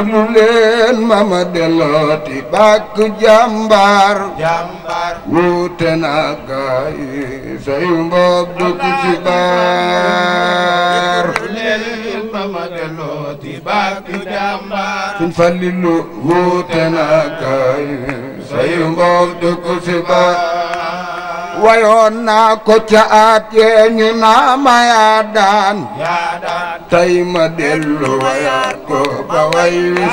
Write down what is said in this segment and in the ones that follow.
déglu leen mama delooti bàkk jàmbaar jàmbaar wuute naa gaay say mboog dugg ci baar mama delooti bàkk jàmbaar suñ falilu wuute naa gaay say mboog wayoon naa ko ca aat yee ñu ma yaa daan ma dellu wayaat ko ko ba way wi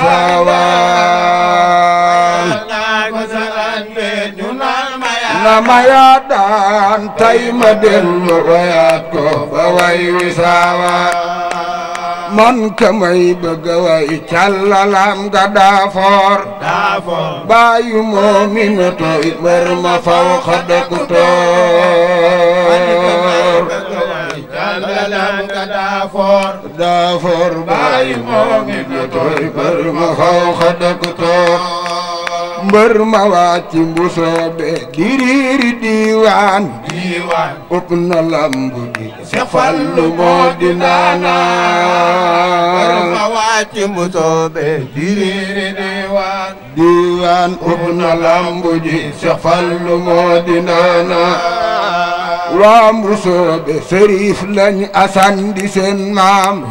man kamay bëgg way càllalaam ga daafoor ga daafoor daafoor baayu moominato it mër ma faw xa dëkkutoor mbër ma wàcc bu soobee diriiri diiwaan upp na lamb gi si fallu moo di naanaan ma wàcc bu soobee diriiri diiwaan diiwaan upp na lamb gi si fallu moo di waa Mbusoo be sërif lañ asan di seen maam.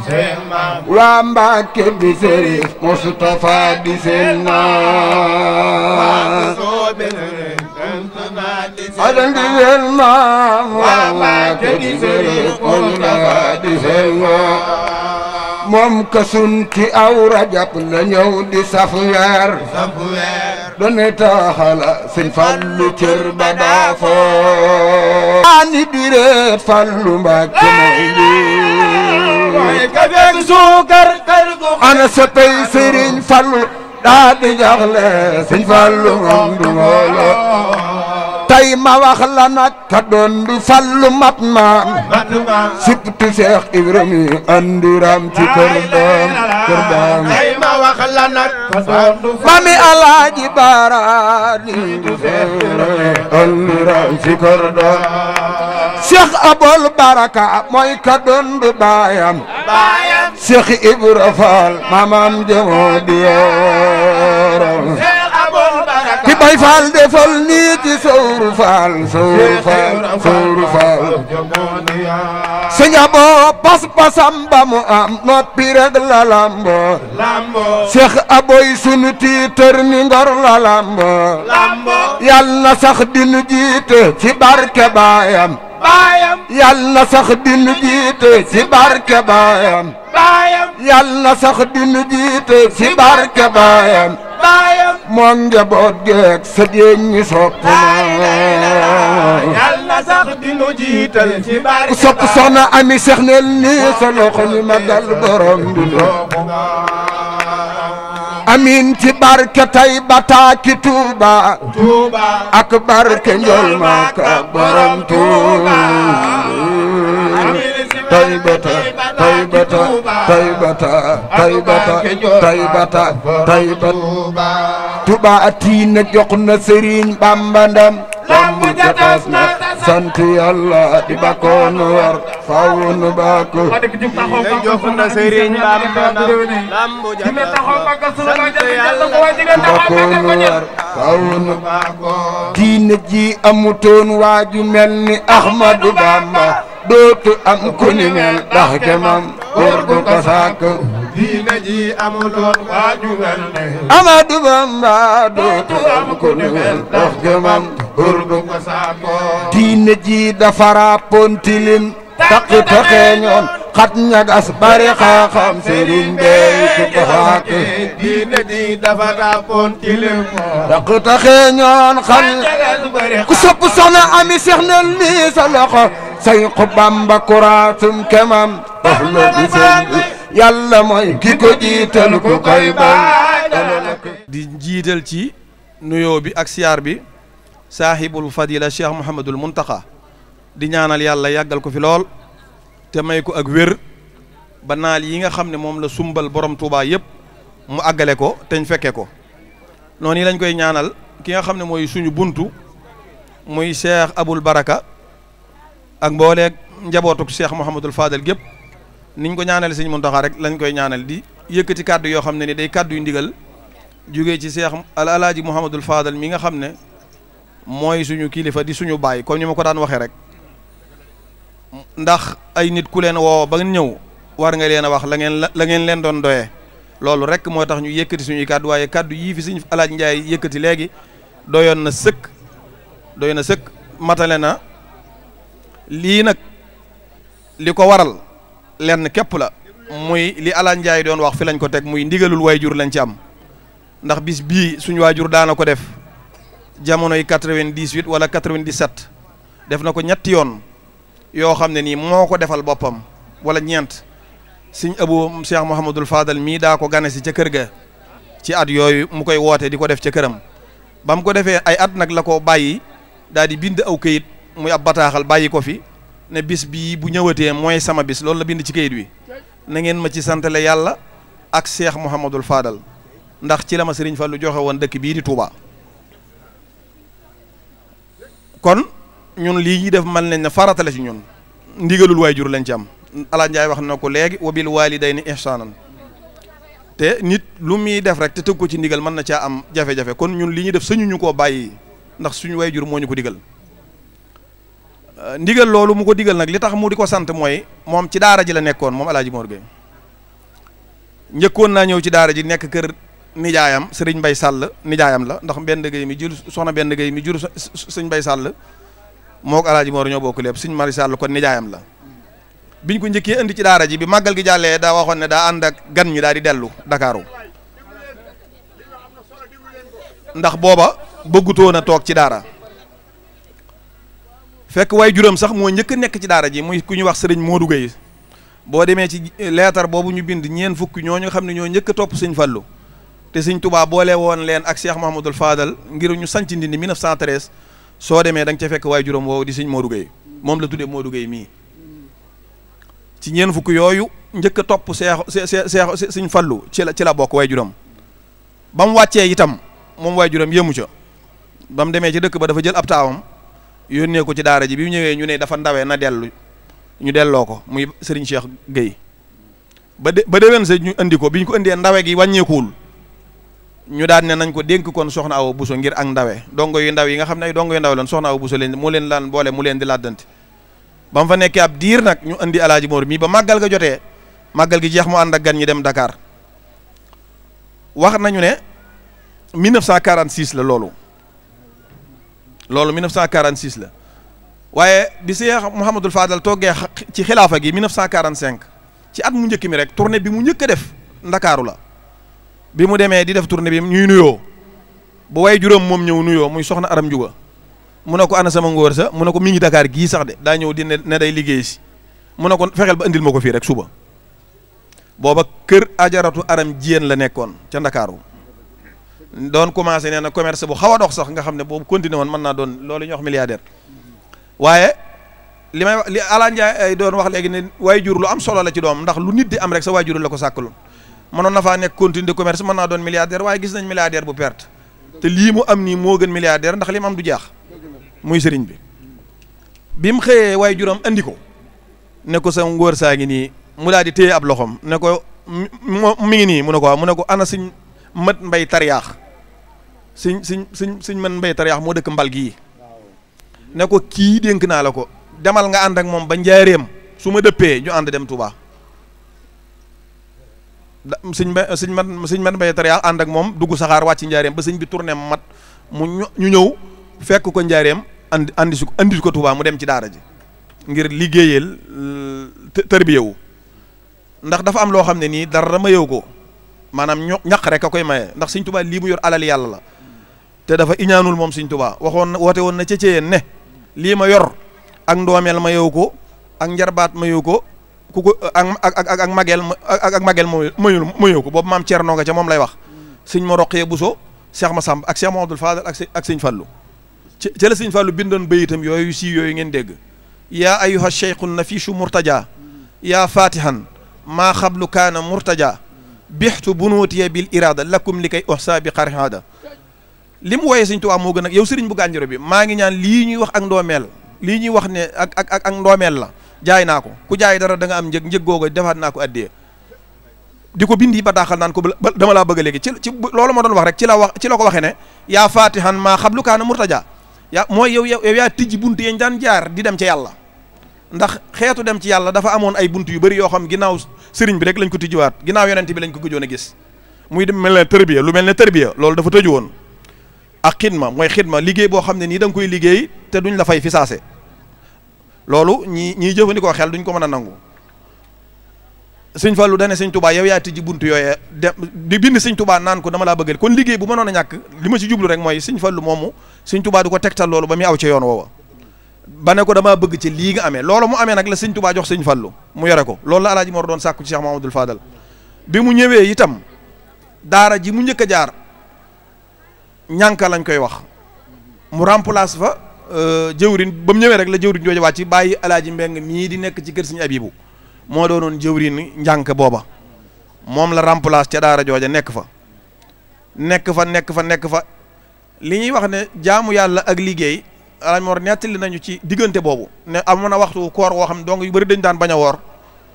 waa Mbàkke bi sërif Mustapha di seen waa Mbàkke bi sërif Mustapha di seen moom kasun ci aw rajab la ñëw di saf weer done taaxala sëñ fallu cër ba daafoo ani bireet fallu mbàkke mooy lii ka fekk suukar ana sa pay sëriñ fallu daa di jaxle sëñ fallu moom du ngoolo tey ma wax la ka doon fallu mat maam siptu Seex Ibrahima andiram ci kër doom ma wax alaaji baara di andiram ci Seex Abol Baraka mooy ka doon di Seex Ibra Faal mamam jamo di yoroom bay faal defal nii ci sowru faal sowru faal sowru faal pas-pasam ba mu am noppi rek la lambo seex aboy sunu tiitër ni ngor la lambo yal na sax dinu jiite ci barke baayam baayam yal na sax dinu jiite ci barke baayam baayam yal na sax dinu jiite ci barke baayam baayam moo njaboot sa jéeg ñi sopp yal na soxna ami sex neel nii sa loxo ma dal borom amin ci barke tay bata ki Tuuba Tuuba ak barke njol maka borom Tuuba tay bata tay bata tay bata tay Tuuba ati na jox na Serigne Bamba ndam te tas na sant yàlla di bakkoon war faaw nu bàkku jox na sëriñ Bamba lambu jàmm sant yàlla bakkoon war faaw nu bàkku diine ji amutoon waaju mel ni Ahmadu Bamba dootu am ku ni mel ndax kemam góor gu ko sàkk diine ji amuloon mel ni Ahmadu Bamba dootu am ku ni mel burdu ko dafa ràppoon tilim taqi taxee ñoon xat ñagas bari xaaxam sëriñ bey ku ko xaake diine dafa ràppoon tilim taqi taxee ñoon xat ku sopp soxna ami seex na lii sa loxo say ku bamba kuraatum kemam taxlu bi sëriñ yàlla mooy ki ko jiital ku koy bañ di jiital ci nuyoo bi ak siyaar bi saahibul fadila cheikh Mouhamadul Muntaxa di ñaanal yàlla yàggal ko fi lool te may ko ak wér ba naal yi nga xam ne moom la sumbal borom Touba yëpp mu àggale ko te ñu fekke ko noonu yi lañ koy ñaanal ki nga xam ne mooy suñu buntu muy cheikh Abul Baraka ak mbooleeg njabootuk cheikh Mouhamadul Fadel gépp niñ ko ñaanal sëñ Muntaxa rek lañ koy ñaanal di yëkkati kàddu yoo xam ne ni day kàddu yu ndigal jógee ci seex al alaaji Mouhamadul Fadel mi nga xam ne. mooy suñu kilifa di suñu baay comme ñu ma ko daan waxee rek ndax ay nit ku leen woo ba ñëw war nga leen a wax la ngeen la ngeen leen doon doyee loolu rek moo tax ñu yëkkati suñuy kàddu waaye kàddu yii fi suñu alaaj njaay yëkkati léegi doyoon na sëkk doy na sëkk matale na lii nag li ko waral lenn képp la muy li alaaj njaay doon wax fi lañ ko teg muy ndigalul jur lañ ci am ndax bis bii suñu waajur daana ko def jamonoy 98 wala 97 def na ko ñetti yoon yoo xam ne nii moo ko defal boppam wala ñeent sëñ Abu Cheikh Mouhamadul Fadal mii daa ko gane si ca kër ga ci at yooyu mu koy wootee di ko def ca këram ba mu ko defee ay at nag la ko bàyyi daal di bind aw kayit mu ab bataaxal bàyyi ko fi ne bis bii bu ñëwatee mooy sama bis loolu la bind ci kayit wi na ngeen ma ci santale yàlla ak Cheikh Mouhamadul faadal ndax ci la ma sëriñ Fallu joxe woon dëkk bii di Touba. kon ñun lii ñuy def mën nañ ne faratale la ci ñun ndigalul jur lañ ci am Alaaji Njaay wax na ko léegi wa bil waalidayni ihsaanan te nit lu muy def rek te tëgg ko ci ndigal mën na caa am jafe-jafe kon ñun lii ñuy def sañu ñu koo bàyyi ndax suñu jur moo ñu ko digal ndigal loolu mu ko digal nag li tax mu di ko sant mooy moom ci daara ji la nekkoon moom Alaaji Mor Gueye njëkkoon naa ñëw ci daara ji nekk kër nijaayam sëriñ Mbay Sàll nijaayam la ndax benn gay mi jur soxna benn gay mi jur sëñ Mbay Sàll moo ko alaaji Moor ñoo bokk lépp sëñ Mari Sàll nijaayam la biñ ko njëkkee indi ci daara ji bi màggal gi jàllee daa ne daa gan ñi daal di dellu Dakaaru ndax booba bëggutoon a toog ci daara fekk juróom sax moo njëkk a nekk ci daara ji muy ku ñuy wax sëriñ Modou Gueye boo demee ci leetar boobu ñu bind ñeen fukki ñooñu xam ne ñoo njëkk topp sëñ Fallu te sëñ Touba boole woon leen ak Cheikh Mahamadul faadal ngir ñu sanc Ndindi 1913 soo demee da nga ca fekk waaye juróom woowu di sëñ Modou Gueye moom la tuddee Modou Gueye mii ci ñeen fukk yooyu njëkk topp seex seex seex sëñ Fallu ci la ci la bokk waaye juróom ba mu wàccee itam moom waay juróom yëmu ca ba mu demee ci dëkk ba dafa jël ab taawam yónnee ko ci daara ji bi ñëwee ñu ne dafa ndawee na dellu ñu delloo ko muy sëriñ Cheikh Gueye ba de ba déwén sa ñu indi ko bi ko indee ndawe gi wàññeekuwul. ñu daan ne nañ ko dénk kon soxna awa buso ngir ak ndawee dongo yu ndaw yi nga xam ne ay dongo yu ndaw lan soxna awa buso leen moo leen lan boole mu leen di laddante ba mu fa nekkee ab diir nag ñu indi alaaji moor mii ba màggal ga jotee màggal gi jeex mu ànd ak gan ñi dem Dakar wax nañu ne 1946 la loolu loolu 1946 la waaye bi Seex Mouhamadul Fadal toggee ci xilaafa gi 1945 ci at mu njëkk mi rek tournée bi mu njëkk a def ndakaaru la bi mu demee di def tournée bi ñuy nuyoo ba way juróom moom ñëw nuyoo muy soxna aram njuga mu ne ko ana sama ngóor sa mu ne ko mi ngi Dakar gii sax de daa ñëw di ne day liggéey si mu ne ko fexeel ba indil ma ko fii rek suba booba kër ajaratu aram jiyeen la nekkoon ca ndakaaru doon commencé nee na commerce bu xaw a dox sax nga xam ne boobu continué woon mën naa doon loolu ñuy wax milliardaire waaye li may wax li Alaa Njaay ay eh, doon wax léegi ne waay jur lu am solo la ci doom ndax lu nit di am sa waay la ko sàkkalu man na faa nekk continuer de commerce mën naa doon milliardaire waaye gis nañ milliardaire bu perte te lii mu am nii moo gën milliardaire ndax li mu am du jaax muy sëriñ bi bi mu xëyee waaye juróom indi ko ne ko sa ngóor saa ngi nii mu daal di ab loxoom ne ko mi ngi nii mu ne ko waaw mu ne ko ana suñ mët mbay tariyaax suñ suñ suñ suñ mën mbay tariyaax moo dëkk mbal gii ne ko kii dénk naa la ko demal nga ànd ak moom ba njaareem su ma dëppee ñu ànd dem Touba. sëñ ba sëñ man sëñ man mbay tariyaal ànd ak moom dugg saxaar wàcc njaareem ba sëñ bi tourné mat mu ñu ñëw fekk ko njaareem andi andi su andi mu dem ci daara ji ngir liggéeyal tërbiyewu ndax dafa am loo xam ne nii dara ma yow ko maanaam ño ñaq rek a koy maye ndax sëñ Tuubaa lii mu yor alal yàlla la te dafa iñaanul moom sëñ Tuubaa waxoon na woote woon na cëceyeen ne lii ma yor ak ndoomeel ma yow ko ak njarbaat ma ko ku ko eh, ak ak ak ak mageel ak ak mageel mayul mayoo ko boobu maam Thierno nga ca moom lay wax sëñ ma roqee Bousso Cheikh Massamba ak Cheikh Mamadou Fadal ak ak sëñ Fallou ci ci la sëñ Fallou bindoon bayitam yooyu si yooyu ngeen dégg yaa ayuha cheikhun nafishu murtaja yaa fatihan maa xablu kaana murtaja bixtu bunuutiya bil irada lakum li kay oxsa bi xarxaada li mu wooyee sëñ Tuubaa moo gën ak yow sëriñ bu gànjoro bi maa ngi ñaan lii ñuy wax ak ndoomeel lii ñuy wax ne ak ak ak ndoomeel la jaay naa ko ku jaay dara da nga am njëg njëg googu defaat naa ko addee di ko bindi bataaxal naan ko dama laa bëgg léegi ci ci loolu ma doon wax rek ci la wax la ko waxee ne yaa fatihan maa xablu kaana murtaja yaa mooy yow yow yaa tijji bunt yañ daan jaar di dem ci yàlla ndax xeetu dem ci yàlla dafa amoon ay bunt yu bëri yoo xam ginnaaw sëriñ bi rek lañ ko tijjiwaat ginnaaw yonent bi lañ ko gëjoon a gis muy dem mel ne tërbiya lu mel ne tërbiya loolu dafa tëju woon ak xidma mooy xidma liggéey boo xam ne nii da koy liggéey te duñ la fay fi loolu ñi ñiy jëfandikoo xel duñ ko mën a nangu sëñ Fallou dane sëñ Touba yow yaa tijji bunt yooyee de di bind sëñ Touba naan ko dama laa bëggal kon liggéey bu mënoon a ñàkk li ma ci jublu rek mooy sëñ Fallou moomu sëñ Touba du ko tegtal loolu ba muy aw ci yoon woowa ba ne ko damaa bëgg ci lii nga amee loolo mu amee nag la sëñ Touba jox sëñ Fallou mu yore ko loolu la alaaji Mor doon sàkku ci Cheikh Mahamadul Fadal bi mu ñëwee itam daara ji mu njëkk a jaar ñànka lañ koy wax mu remplace fa Euh, jëwrin ba mu ñëwee rek la jëwrin jooju wàcc bàyyi alaaji mbeng mii di nekk ci kër Sëriñ Abibu moo doonoon jëwrin njànk booba moom la remplace ca daara jooja nekk fa nekk fa nekk fa nekk fa li ñuy wax ne jaamu yàlla ak liggéey alaaji Mor nettali nañu ci diggante boobu ne amoon na waxtu koor woo xam ne dong yu bari dañ daan bañ a woor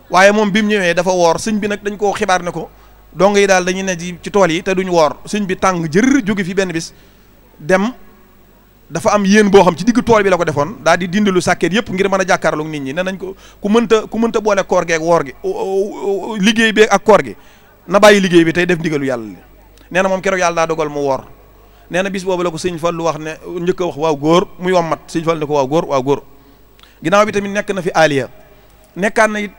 waaye moom bi mu ñëwee dafa woor sëñ bi nag dañ koo xibaar ne ko dong yi daal dañuy ne ci tool yi te duñ woor sëñ bi tàng jër jóge fi benn bis dafa am yéen boo xam ci digg tool bi la ko defoon daal di dindi lu sàkket yëpp ngir mën a jàkkaarloog nit ñi ne nañ ko ku mënta ku mënta boole koor gi ak woor gi liggéey bi ak koor gi na bàyyi liggéey bi tey def ndigalu yàlla li moom keroog yàlla dogal mu woor nee na bis boobu la ko sëñ Fallu wax ne njëkk a waaw góor muy wommat sëñ Fallu ko waaw góor ginnaaw bi tamit nekk na fi aliya nekkaat na it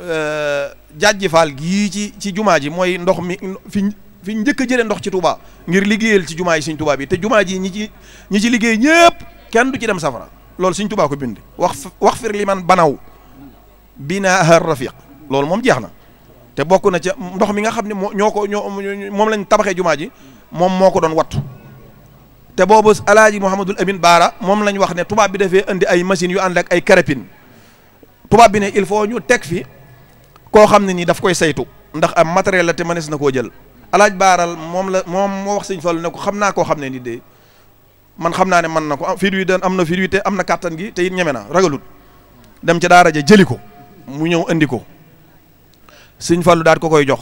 euh, jàjji faal gii ci ci jumaa ji mooy ndox mi fi fi njëkk a jëlee ndox ci Touba ngir liggéeyal ci jumaa yi Sëñ Touba bi te jumaa ji ñi ci ñi ci liggéey ñëpp kenn du ci dem safara loolu Sëñ Touba ko bind wax wax fir li man banaw binaaha rafiq loolu moom jeex na te bokk na ca ndox mi nga xam ne moo ñoo ko ñoo moom lañ tabaxee jumaa ji moom moo ko doon wattu te boobu alaaji Mouhamadul Amin Baara moom lañ wax ne tubaab bi dafee indi ay machines yu ànd ak ay carapines tubaab bi ne il faut ñu teg fi koo xam ne nii daf koy saytu ndax am matériel la te mënees na koo jël alaaj baaral moom la moom moo wax sëñ Fallu ne xam naa koo xam ne ni de man xam naa ne mën na ko ah, fiir wi dan am na fiir wi te am na kàttan gi te it ñeme na ragalut dem ci daara ja jëli ko mu ñëw indi ko sëñ Fallu daal ko koy jox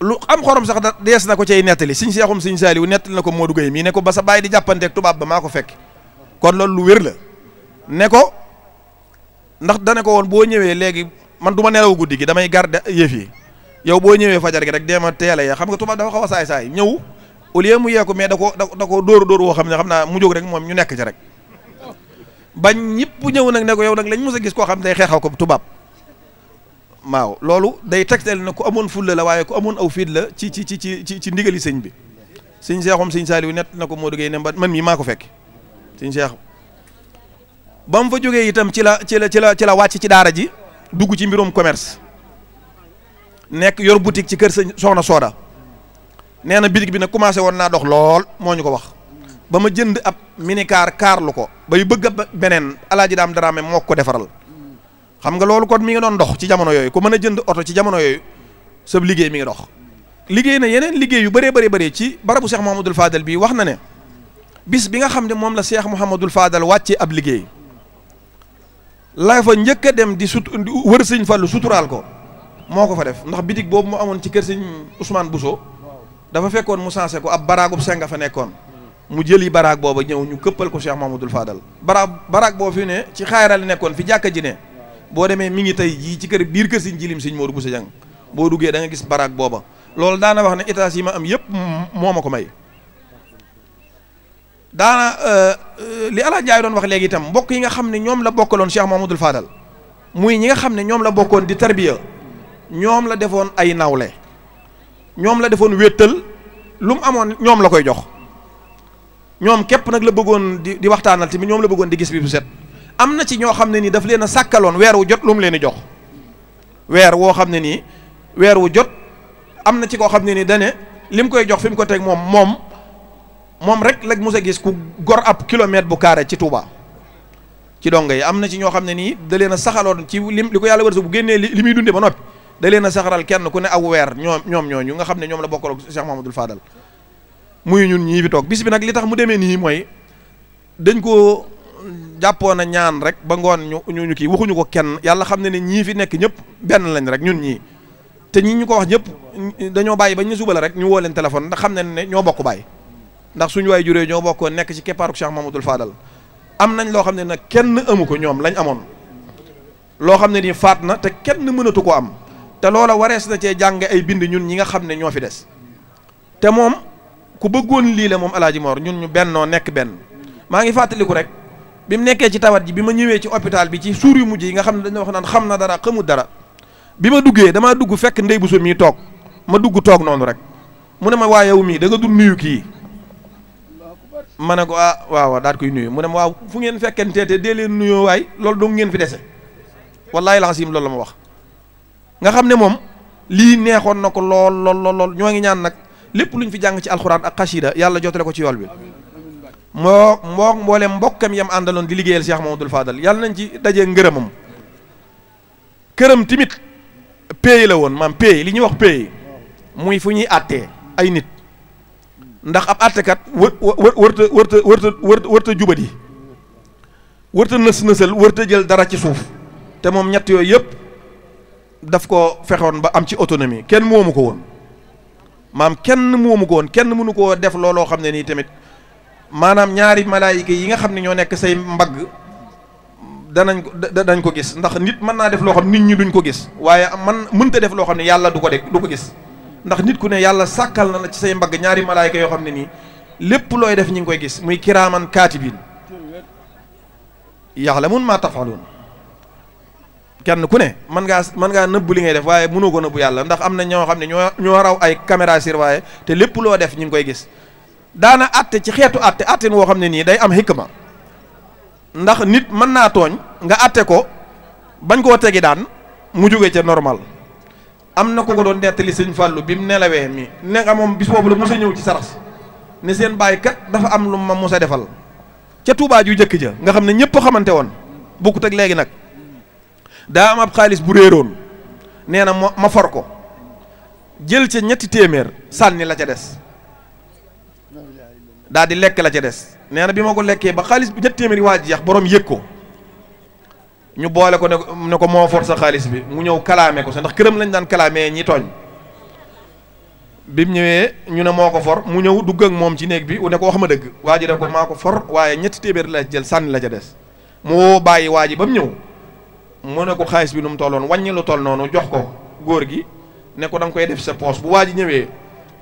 lu am xorom sax da dees na ko cay nettali sëñ Seexum sëñ Saaliw nettali na ko Modou Gueye mii ne ko ba sa bàyyi di jàppanteeg tubaab ba maa ko fekk kon loolu lu wér la ne ko ndax dane ko woon boo ñëwee léegi man du ma nelaw guddi gi damay garder yëf yi yow boo ñëwee fajar gi rek deema teela ya xam nga tubaab dafa xaw a saay-saay ñëw au lieu mu yeeku mais da ko da ko dóoru woo xam ne xam naa mu jóg rek moom ñu nekk ci rek ba ñëpp ñëw nag ne ko yow nag lañ mës a gis koo xam day xeexaw ko tubaab waaw loolu day tegtal na ko amoon fulla la waaye ko amoon aw fiit la ci ci ci ci ci ndigali sëñ bi sëñ seexum sëñ saaliw nett na ko moo duggee ne ba man mii maa ko fekk sëñ seex ba mu fa jógee itam ci la ci la ci la ci la wàcc ci daara ji dugg ci mbirum commerce nekk yor boutique ci kër sëñ soxna Sooda nee na bitig bi nag commencé woon naa dox lool moo ñu ko wax ba ma jënd ab minicar kaarlu ko ba bay bëgg a beneen alaaji daam dara daraame moo ko defaral xam nga loolu kon mi ngi doon dox ci jamono yooyu ko mën a jënd oto ci jamono yooyu sab liggéey mi ngi dox liggéey na yeneen liggéey yu bëree bëree bëree ci barabu Cheikh Mouhamadul Fadal bii wax na ne bis bi nga xam ne moom la Cheikh Mouhamadul Fadal wàccee ab liggéey la njëkk a dem di sut wër sëñ Fallu suturaal ko moo ko fa def ndax bitig boobu mu amoon ci kër sëñ Ousmane Bousso dafa fekkoon mu sansé ko ab baraagub senga fa nekkoon mu jël yi baraag booba ñëw ñu këppal ko Cheikh Mahmoudul Fadal baraag baraag boobu fi ne ci xaayarali nekkoon fi jàkka ji ne boo demee mi ngi tey jii ci kër biir kër sëñ jilim sëñ Modou Bousso Dieng boo duggee da gis baraag booba loolu daana wax ne étage yi ma am yëpp moo ma ko may daana euh, li Alaaji Njaay doon wax léegi mbokk yi xam ne ñoom la bokkaloon Cheikh Mahmoudul Fadal muy ñi nga xam ne ñoom la bokkoon di tarbiya ñoom la defoon ay nawle ñoom la defoon wéttal lu mu amoon ñoom la koy jox ñoom képp nag la bëggoon di di waxtaanal tamit ñoom la bëggoon di gis bi bu set am na ci ñoo xam ne nii daf leen a sàkkaloon weer jot lu leen di jox weer woo xam ne nii weer jot am na ci koo xam ne nii dane li mu koy jox fi mu ko moom moom moom rek la mos a gis ku gor ab kilomètre bu carré ci Touba ci dongo yi am na ci ñoo xam ne nii a saxaloon ci lim li ko yàlla wërsëg bu génnee li muy dunde ba noppi da leen a saxaral kenn ku ne aw weer ñoom ñoom ñooñu nga xam ne ñoom la bokkal ak Cheikh Mahamadul Fadal muy ñun ñii fi toog bis bi nag li tax mu demee nii mooy dañ ko jàppoon a ñaan rek ba ngoon ñu ñu ñu kii waxuñu ko kenn yàlla xam ne ne ñii fi nekk ñëpp benn lañ rek ñun ñii te ñi ñu ko wax ñëpp dañoo bàyyi ba ñu suba rek ñu woo leen téléphone ndax xam ne ne ñoo bokk bàyyi ndax suñu waay juree ñoo bokk nekk ci keppaaru Cheikh Mahamadul Fadal am nañ loo xam ne nag kenn amu ko ñoom lañ amoon loo xam ne nii faat na te kenn mënatu ko am te loola warees na cee jàng ay bind ñun ñi nga xam ne ñoo fi des te moom ku bëggoon lii la moom alaaji Mor ñun ñu bennoo nekk benn maa ngi fàttaliku rek bi mu nekkee ci tawat ji bi ma ñëwee ci hôpital bi ci suur yu mujj yi nga xam ne dañu wax naan xam na dara xamul dara bi ma duggee damaa dugg fekk ndey bu sum mii toog ma dugg toog noonu rek mu ne ma waayewu yow mii da nga dul nuyu kii ma ne ko ah waaw daat kuy nuyu mu ne ma waaw fu ngeen fekkenteete dee leen nuyoo loolu dong ngeen fi dese wallaahi laxasim loolu la ma wax nga xam ne moom lii neexoon na ko lool lool lool ñoo ngi ñaan nag lépp lu luñ fi jàng ci alxuraan ak xasida yàlla jotale ko ci yool bi moo moo mboolem mbokkam yam àndaloon di liggéeyal Cheikh Mamadou Fadal yàlla nañ ci dajee ngërëmam këram timit pay la woon maam pay li ñuy wax pay muy fu ñuy àttee ay nit ndax ab àttekat wër wër wërta wërta wërta wërta jubadi wërta nës nësal wërta jël dara ci suuf te moom ñett yooyu yëpp daf ko fexoon ba am ci autonomie kenn moomu ko woon maam kenn moomu ko woon kenn mënu koo def looloo xam ne nii tamit maanaam ñaari malaayika yi nga xam ne ñoo nekk say mbagg danañ ko dañ ko gis ndax nit mën naa def loo xam nit ñi duñ ko gis waaye man mënta def loo ne yàlla du ko de du ko gis ndax nit ku ne yàlla sàkkal na la ci say mbagg ñaari malaayika yoo xam ne nii lépp looy def ñi ngi koy gis muy kiraaman kaati kaatibiin mun maa tafaaluun kenn ku ne mën ngaa mën ngaa nëbbu li ngay def waaye mënoo ko nëbb yàlla ndax am na ñoo xam ne ñoo ñoo raw ay caméra surveillée te lépp loo def ñu ngi koy gis daana atte ci xeetu atte attin woo xam ne nii day am hikma ndax nit mën naa tooñ nga atte ko bañ koo tegi daan mu jóge ca normal am na ko ko doon nettali sëñ Fallou bi mu nelawee mi ne nga moom bis boobu la mos a ñëw ci sarax ne seen bàyyi kat dafa am lu ma mos a defal ca Touba ju jëkk ja nga xam ne ñëpp xamante woon bokkut ak léegi nag daa am ab xaalis bu réeroon nee na ma for ko jël ca ñetti téeméer sànni la ca des daa di lekk la ca des nee na bi ma ko lekkee ba xaalis bi ñetti téeméeri yi waa jeex borom yëg ko ñu boole ko ne ne ko moo for sa xaalis bi mu ñëw kalaame ko sa ndax këram lañ daan kalaamee ñi tooñ bi mu ñëwee ñu ne moo ko for mu ñëw dugg ak moom ci néeg bi ne ko wax ma dëgg waa ji ko maa ko for waaye ñetti téeméer la jël sànni la ca des mu woo bàyyi waa ji ba mu ñëw. mu ne ko xaalis bi nu mu tolloon wàññi lu toll noonu jox ko góor gi ne ko da koy def sa poos bu waa ji ñëwee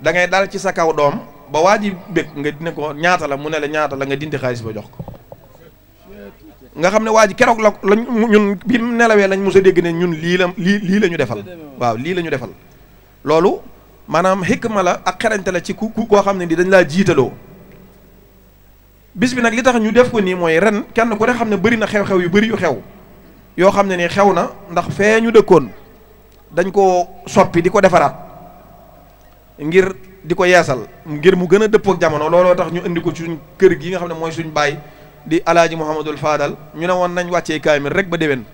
dangay ngay dal ci sa kaw doom ba waa ji bëgg nga ne ko ñaata la mu ne la ñaata la nga dindi xaalis ba jox ko nga xam ne waa ji keroog la lañ ñun bi mu nelawee lañ mos dégg ne ñun lii la lii lii la ñu defal waaw lii la ñu defal loolu maanaam xikma la ak xerañte la ci ku ku koo xam ne di dañ laa jiitaloo bis bi nag li tax ñu def ko nii mooy ren kenn ku ne xam ne bari na xew-xew yu bëri yu xew yoo xam ne ni xew na ndax fee ñu dëkkoon dañ ko soppi di ko defaraat ngir di ko yeesal ngir mu gën a dëppoo ak jamono looloo tax ñu indi ko ci suñ kër gi nga xam ne mooy suñ baay di alaaji Mouhamadul Fadal ñu ne woon nañ wàccee kaamil rek ba déwén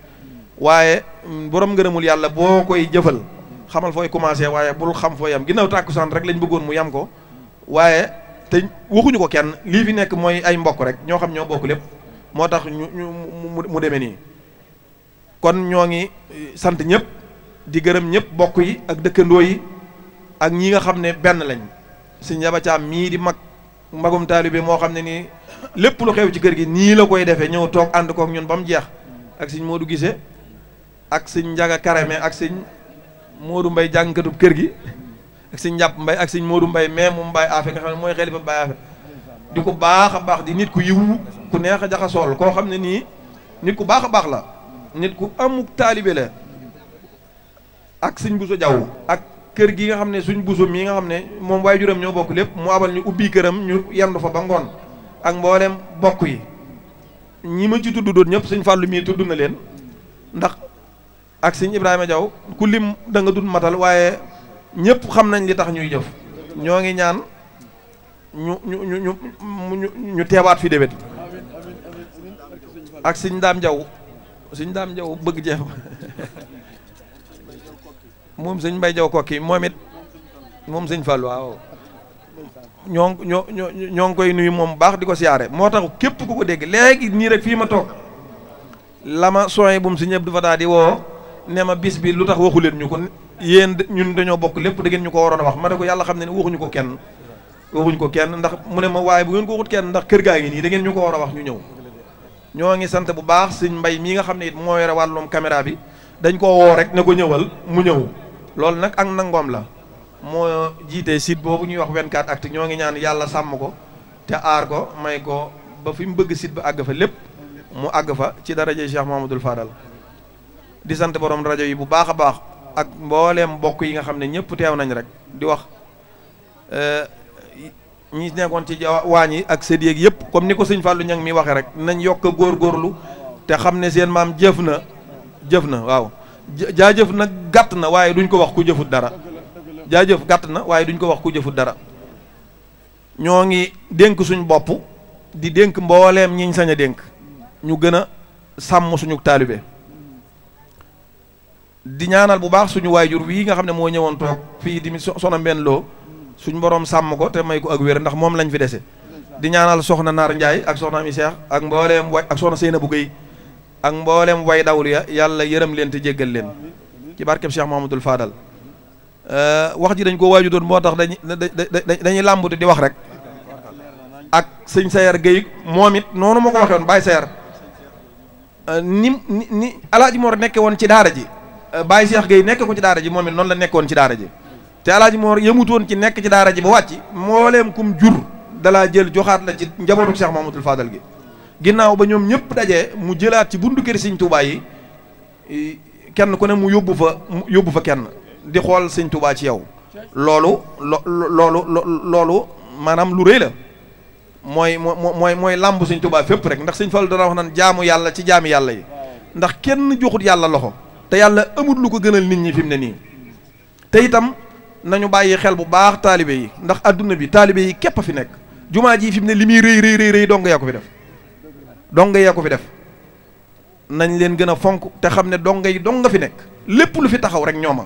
waaye mm, boroom ngërëmul yàlla boo koy jëfal xamal fooy commencé waaye bul xam fooy yam ginnaw tàkk tàkkusaan rek lañ bëggoon mu yam ko waaye te waxuñu ko kenn lii fi nekk mooy ay mbokk rek ñoo xam ñoo bokk lépp moo tax ñu mu demee nii kon ñoo ngi eh, sant ñëpp di gërëm ñëpp bokk yi ak dëkkandoo yi ak ñii nga xam ne benn lañ si Yaba Caam mii di mag magum taalibe moo xam ne nii lépp lu xew ci kër gi nii la koy defee ñëw toog ànd kook ñun ba mu jeex ak sëñ Modou Gise ak sëñ Njaga Karame ak sëñ Modou Mbay jàngkatub kër gi ak sëñ Njàpp Mbay ak sëñ Modou Mbay mais mu Mbay Afe nga xam ne mooy xelifa Mbay Afe di ko baax a baax di nit ku yiw ku neex a jaxasool koo xam ne nii nit ku baax a baax la nit ku amuk taalibe la ak suñ buso jaww ak kër gi nga xam ne suñ buso mii nga xam ne moom waaye juram ñoo bokk lépp mu abal ñu ubbi këram ñu yendu fa ba ngoon ak mboolem bokk yi ñi ma ci tudd doon ñëpp suñ fàllu mii tudd na leen ndax ak suñ Ibrahima Jaw ku lim da nga matal waaye ñépp xam nañ li tax ñuy jëf ñoo ngi ñaan ñu ñu ñu ñu ñu teewaat fi déwét ak suñ Daam Jaw suñ daam jaw bëgg jeex moom sëñ bay jaw kokki moom it moom sëñ Fallou waaw ñoo ñoo ñoo ngi koy nuyu moom baax di ko siyaare moo tax képp ku ko dégg léegi nii rek fii ma toog la ma sooy bu mu si ñëpp du fa daal di woo ne ma bis bi lu tax waxu ñu ko yéen ñun dañoo bokk lépp da ñu ko waroon a wax ma ne ko yàlla xam ne ne waxuñu ko kenn waxuñu ko kenn ndax mu ne ma waaye bu ngeen ko waxut kenn ndax kër gaa ngi nii da ngeen ñu ko war a wax ñu ñëw ñoo ngi sant bu baax sëñ mbay mii nga xam ne it moo yore wàllum caméra bi dañ koo woo rek ne ko ñëwal mu ñëw loolu nag ak nangoom la moo jiitee site boobu ñuy wax 24 actu ñoo ngi ñaan yàlla sàmm ko te aar ko may ko ba fi mu bëgg site ba àgg fa lépp mu àgg fa ci daraje Cheikh Mahamadul Fadal di sant borom rajo yi bu baax a baax ak mbooleem mbokk yi nga xam ne ñëpp teew nañ rek di wax euh, ñi nekkoon ci waañ yi ak sët yéeg yëpp comme ni ko suñ Fallou Niang mi waxee rek nañ yokk a góorgóorlu te xam ne seen maam jëf na jëf na waaw jaajëf nag gàtt na waaye duñ ko wax ku jëfut dara jaajëf gàtt na waaye duñ ko wax ku jëfut dara ñoo ngi dénk suñ bopp di dénk mbooleem ñiñ sañ a dénk ñu gën a sàmm suñu taalibe di ñaanal bu baax suñu waajur wii nga xam ne moo ñëwoon toog fii di mi soxna Mbène suñ borom sàmm ko te may ko ak wér ndax moom lañ fi dese di ñaanal soxna Naar Ndiaye ak soxna Ami Cheikh ak mbooleem way ak soxna Seyna bu Guèye ak mbooleem way dawlu ya yàlla yërëm leen te jéggal leen ci barkeb Cheikh Mahamadul Fadal euh, wax ji dañ ko waaju doon moo tax dañuy dañuy làmbute di wax rek ak sëñ Sayer Guèye moom it noonu ma ko waxee woon Baye Sayer euh, ni ni ni Alaaji Mor nekke woon ci daara ji euh, Baye Cheikh Guèye nekke ko ci daara ji moom it noonu la nekkoon ci daara ji te alaaji moor yemutoon ci nekk ci daara ji ba wàcc mbooleem kum jur dalaa jël joxaat la ci njabootu Cheikh Mahmadul Fadal gi ginnaaw ba ñoom ñëpp daje mu jëlaat ci bundu kër Sëñ Tuubaa yi kenn ku ne mu yóbbu fa mu yóbbu fa kenn di xool Sëñ Tuubaa ci yow loolu lo loolu loolu maanaam lu rëy la mooy mooy mooy làmbu Sëñ Tuubaa fépp rek ndax Sëñ Fallu dana wax nan jaamu yàlla ci jaami yàlla yi ndax kenn joxut yàlla loxo te yàlla amut lu ko gënal nit ñi fi ne nii nañu bàyyi xel bu baax taalibe yi ndax àdduna bi taalibe yi képp a fi nekk jumaa jii fi mu ne li muy rëy rëy rëy rëy dong yaa ko fi def dong yee ko fi def nañ leen gën a fonk te xam ne dong yi dong nga fi nekk lépp lu fi taxaw rek ñooma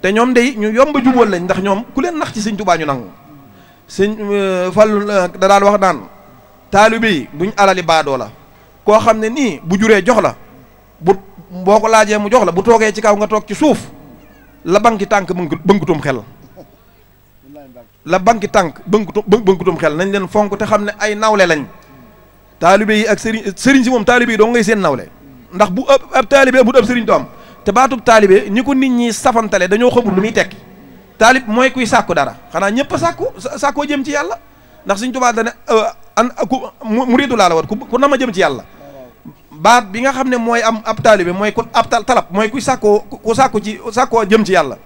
te ñoom dey ñu yomb a jubal lañ ndax ñoom ku leen nax ci sëñ Tuubaa ñu nangu sëñ euh, Fallu euh, dadaal daan wax naan taalibe yi buñ alali baadoo la koo xam ne nii bu juree jox la bu boo ko laajee mu jox la bu toogee ci kaw nga toog ci suuf la banque tànk bëngutum xel la banque tànk bëngutum bëngutum xel nañ leen fonk te xam ne ay nawle lañ taalibe yi ak sëriñ sëriñ si moom taalibe yi doo ngay seen nawle ndax bu ëpp ab taalibe amut ab sëriñ do am te baatub taalibe ñi ko nit ñi safantale dañoo xamul lu muy tekki taalib mooy kuy sàkku dara xanaa ñëpp a sàkku sàkkoo jëm ci yàlla ndax suñ tubaab dane an ku muridu laa la wat ku nama jëm ci yàlla baat bi nga xam ne mooy am ab taalibe mooy ku ab talab mooy ku sàkkoo ku sàkku ci ci yàlla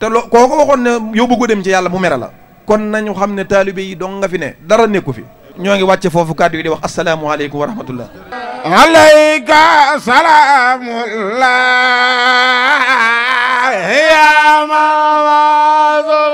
te loo koo ko waxoon ne yow bëggu dem ci yàlla mu mere la kon nañu xam ne taalibe yi dong nga fi ne dara nekku fi ñoo ngi wàcce foofu kàddu yi di wax asalaamualeykum wa rahmatullah alayka salaamullah ya